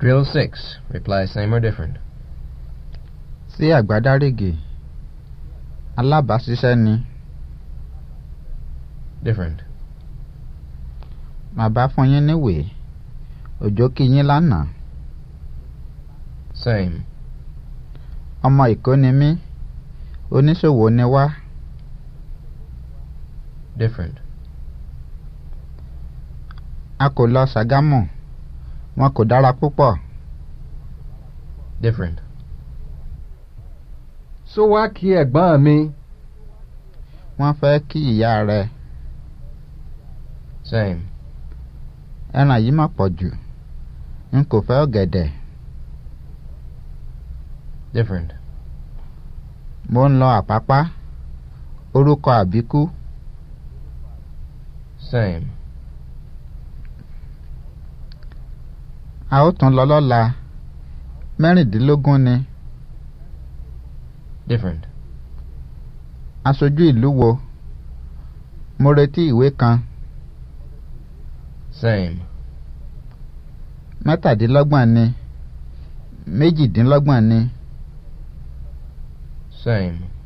Drill 6. Reply same or different. Sí àgbádárègè. Alábàáṣiṣẹ́ ni. Different. Màbá fún yín níwèé. Òjò kí yín lánàá. Same. Ọmọ Èkó ni mí. Oníṣòwò ni wá. Different. A kò lọ Ṣàgámù wọn kò dára púpọ̀. different. so wá kí ẹ̀gbọ́n mi. wọ́n fẹ́ kí ìyá rẹ̀. same. ẹran yìí má pọ̀ jù n kò fẹ́ ọ̀gẹ̀dẹ̀. different. mo ń lọ àpápá orúkọ àbíkú. same. a ó tún lọ lọ́la mẹ́rìndínlógún ni. different. aṣojú ìlú wo mo retí ìwé kan. same. mẹ́tàdínlọ́gbọ̀n ni méjìdínlọ́gbọ̀n ni. same.